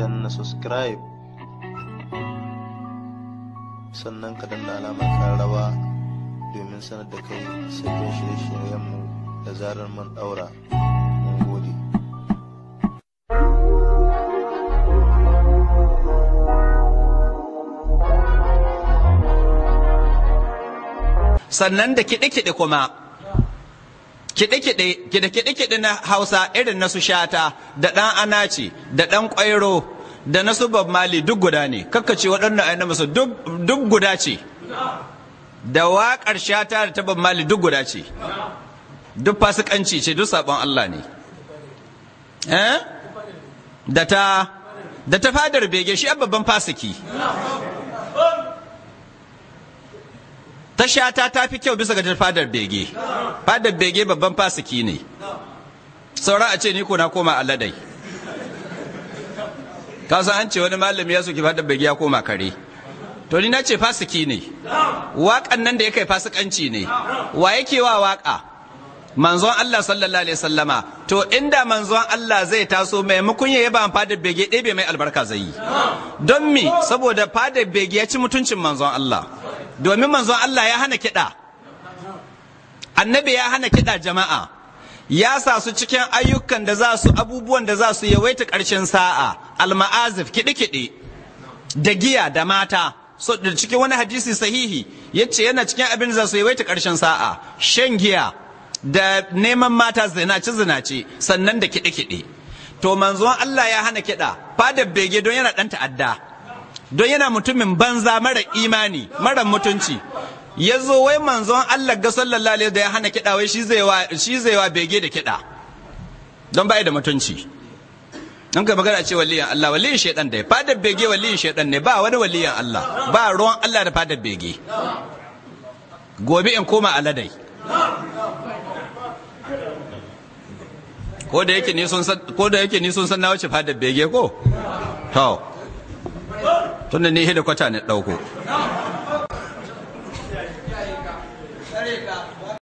danna subscribe sannan ka danna alamar kan rawa domin sanar da kai sabbin shirye-shiryenmu da zarar man daura sannan da kiɗe-kiɗe kuma kiɗe-kiɗe na hausa irin na su shata da ɗan anaci da ɗan ƙwairo da na su bab mali duk guda ne kakkace waɗannan ayyana masu duk guda ce da waƙar shata da ta bab mali duk guda ce duk fasikanci ce duk saɓon allah ne eh? da ta da ta fadar bege shi babban fasiki Tashata ta ta fi kyau bisa ga fadar bege fadar bege babban fasiki ne saura a ce ni ko na koma aladai ka san an ce wani malami ya soke fadar bege ya koma kare to ni na ce fasiki ne waƙan nan da ya kai fasikanci ne wa yake wa waƙa manzon Allah sallallahu alaihi sallama to inda manzon Allah zai taso maimakon ya yaba fada bege ɗebe mai albarka zai yi don mi saboda fadar bege ya ci mutuncin manzon Allah domin manzon Allah ya hana kiɗa annabi ya hana kiɗa jama'a ya sa su cikin ayyukan da za su abubuwan da za su yawaita ƙarshen sa'a alma'azif kiɗe-kiɗe da giya da mata so da cikin wani hadisi sahihi yace yana cikin abin da za su yawaita ƙarshen sa'a shan giya da neman mata zina zinace sannan da kiɗe kiɗe to manzon Allah ya hana kiɗa fada bege don yana ɗan ta'adda don yana mutumin banza mara imani mara mutunci ya zo wai manzon Allah ga sallallahu alaihi da ya hana kiɗa wai shi zai wa shi zai wa bege da kiɗa don bai da mutunci don ka magana ce waliyan Allah waliyan shaidan dai fada bege waliyan shaidan ne ba wani waliyan Allah ba ruwan Allah da fada bege gobe in koma aladai ko da yake ni sun wace da na wuce fadar bege ko to da ni hida kwata ne dauko